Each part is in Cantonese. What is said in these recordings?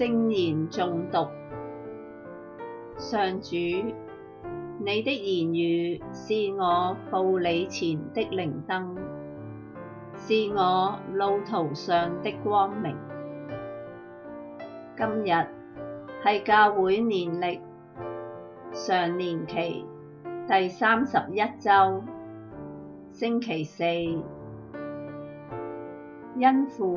聖言誦讀。上主，你的言語是我步履前的靈燈，是我路途上的光明。今日係教會年曆常年期第三十一周，星期四，因父。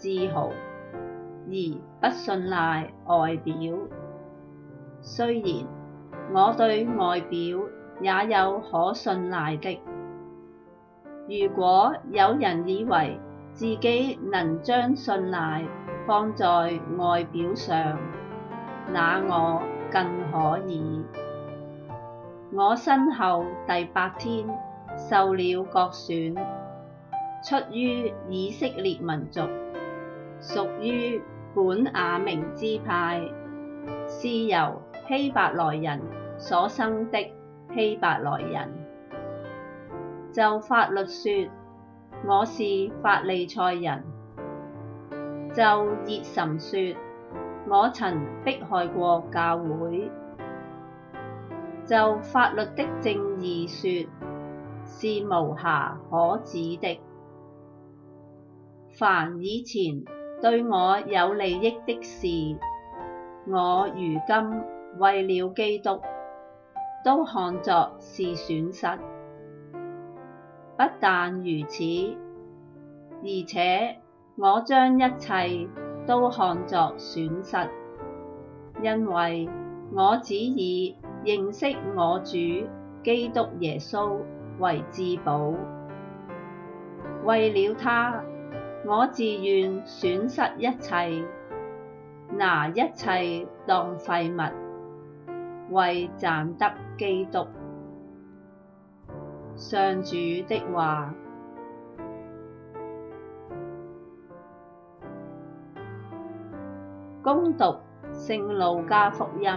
自豪而不信賴外表。雖然我對外表也有可信賴的。如果有人以為自己能將信賴放在外表上，那我更可以。我生後第八天受了割損，出於以色列民族。屬於本雅明支派，是由希伯來人所生的希伯來人。就法律說，我是法利塞人；就熱忱說，我曾迫害過教會；就法律的正義說，是無瑕可指的。凡以前，對我有利益的事，我如今為了基督，都看作是損失。不但如此，而且我將一切都看作損失，因為我只以認識我主基督耶穌為至寶。為了他。我自願損失一切，拿一切當廢物，為賺得基督。上主的話，恭讀聖路加福音。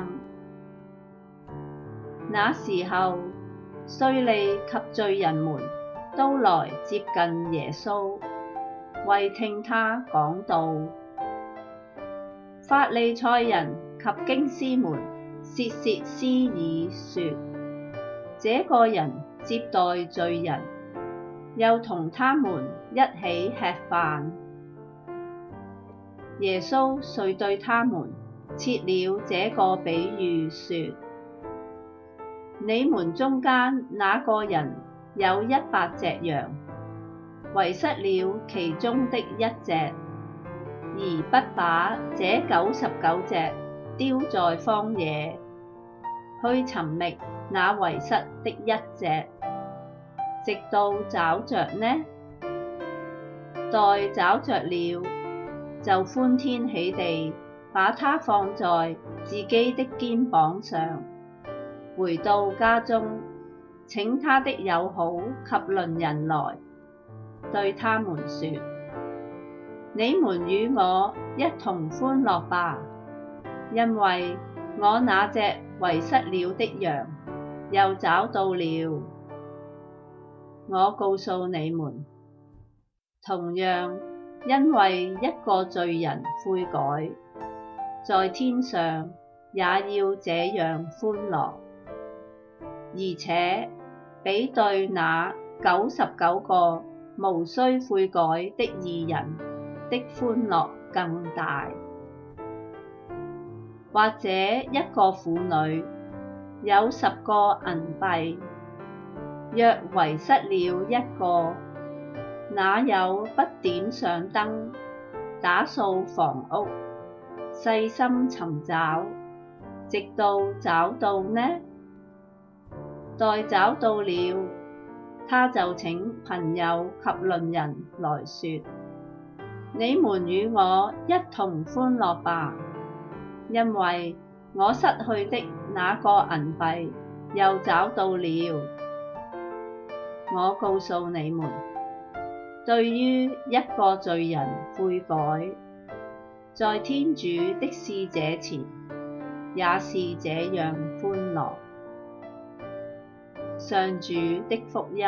那時候，稅吏及罪人們都來接近耶穌。為聽他講道，法利賽人及經師們竊竊私議說：這個人接待罪人，又同他們一起吃飯。耶穌遂對他們設了這個比喻說：你們中間那個人有一百隻羊？遺失了其中的一隻，而不把這九十九隻丟在荒野，去尋覓那遺失的一隻，直到找着呢？待找着了，就歡天喜地把它放在自己的肩膀上，回到家中，請他的友好及鄰人來。對他們說：你們與我一同歡樂吧，因為我那隻遺失了的羊又找到了。我告訴你們，同樣因為一個罪人悔改，在天上也要這樣歡樂，而且比對那九十九個。無須悔改的義人的歡樂更大，或者一個婦女有十個銀幣，若遺失了一個，哪有不點上燈，打掃房屋，細心尋找，直到找到呢？待找到了。他就請朋友及鄰人來説：你們與我一同歡樂吧，因為我失去的那個銀幣又找到了。我告訴你們，對於一個罪人悔改，在天主的使者前，也是這樣歡樂。上主的福音。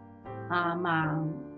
阿媽。